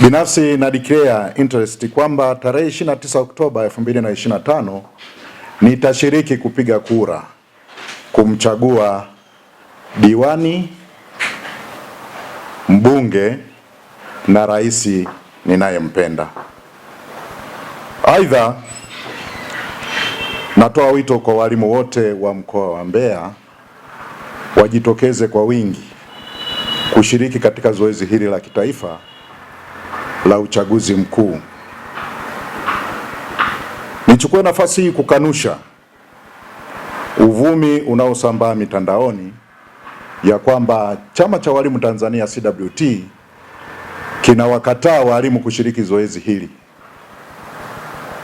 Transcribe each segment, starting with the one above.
Binafsi na declare interest kwamba tarehe 29 Oktoba 2025 nitashiriki kupiga kura kumchagua diwani, mbunge na rais ninayempenda. Aidha, natoa wito kwa walimu wote wa mkoa wa Mbeya wajitokeze kwa wingi kushiriki katika zoezi hili la kitaifa la uchaguzi mkuu. Nichukue nafasi hii kukanusha uvumi unaosambaa mitandaoni ya kwamba chama cha walimu Tanzania CWT kinawakataa walimu kushiriki zoezi hili.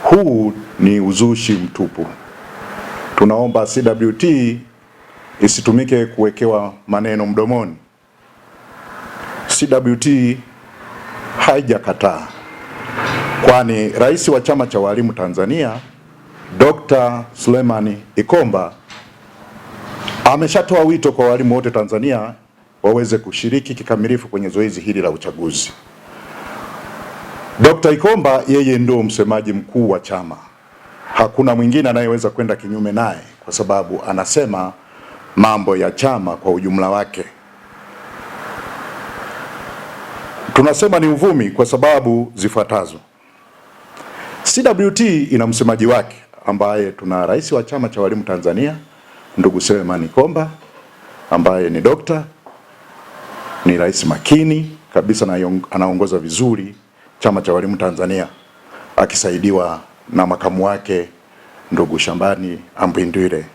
Huu ni uzushi mtupu. Tunaomba CWT isitumike kuwekewa maneno mdomoni. CWT haijakataa, kwani rais wa chama cha walimu Tanzania Dr. suleiman Ikomba ameshatoa wito kwa walimu wote Tanzania waweze kushiriki kikamilifu kwenye zoezi hili la uchaguzi. Dr. Ikomba yeye ndio msemaji mkuu wa chama, hakuna mwingine anayeweza kwenda kinyume naye, kwa sababu anasema mambo ya chama kwa ujumla wake. Tunasema ni uvumi kwa sababu zifuatazo. CWT ina msemaji wake ambaye tuna rais wa chama cha walimu Tanzania ndugu Selemani Komba ambaye ni dokta, ni rais makini kabisa na anaongoza vizuri chama cha walimu Tanzania akisaidiwa na makamu wake ndugu Shambani Ambindwire.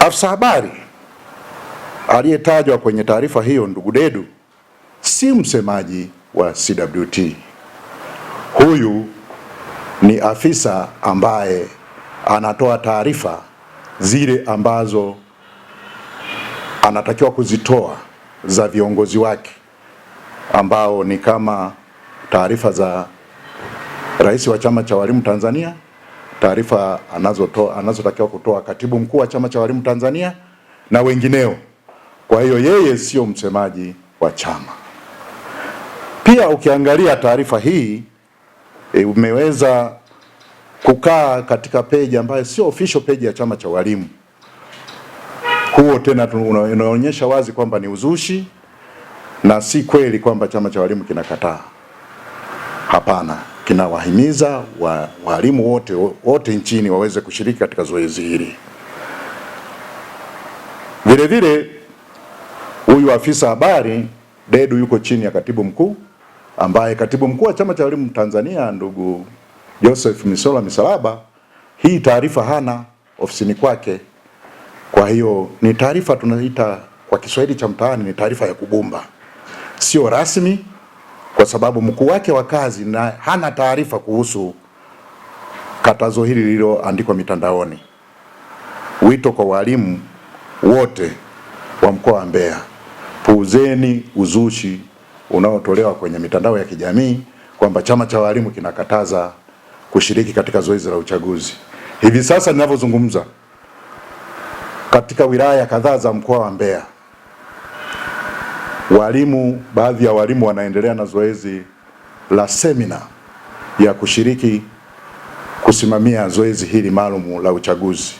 Afisa habari aliyetajwa kwenye taarifa hiyo, ndugu Dedu, si msemaji wa CWT. Huyu ni afisa ambaye anatoa taarifa zile ambazo anatakiwa kuzitoa za viongozi wake ambao ni kama taarifa za rais wa chama cha walimu Tanzania, taarifa anazotoa anazotakiwa kutoa katibu mkuu wa chama cha walimu Tanzania na wengineo. Kwa hiyo yeye sio msemaji wa chama. Pia ukiangalia taarifa hii e, umeweza kukaa katika peji ambayo sio official peji ya chama cha walimu. Huo tena unaonyesha wazi kwamba ni uzushi na si kweli kwamba chama cha walimu kinakataa. Hapana, kinawahimiza wa, walimu wote wote nchini waweze kushiriki katika zoezi hili vilevile huyu afisa habari Dedu yuko chini ya katibu mkuu, ambaye katibu mkuu wa chama cha walimu Tanzania ndugu Joseph Misola Misalaba hii taarifa hana ofisini kwake. Kwa hiyo ni taarifa tunaita kwa Kiswahili cha mtaani ni taarifa ya kubumba, sio rasmi, kwa sababu mkuu wake wa kazi na hana taarifa kuhusu katazo hili lililoandikwa mitandaoni. Wito kwa walimu wote wa mkoa wa Mbeya Puuzeni uzushi unaotolewa kwenye mitandao ya kijamii kwamba chama cha walimu kinakataza kushiriki katika zoezi la uchaguzi. Hivi sasa ninavyozungumza, katika wilaya kadhaa za mkoa wa Mbeya, walimu, baadhi ya walimu wanaendelea na zoezi la semina ya kushiriki kusimamia zoezi hili maalum la uchaguzi.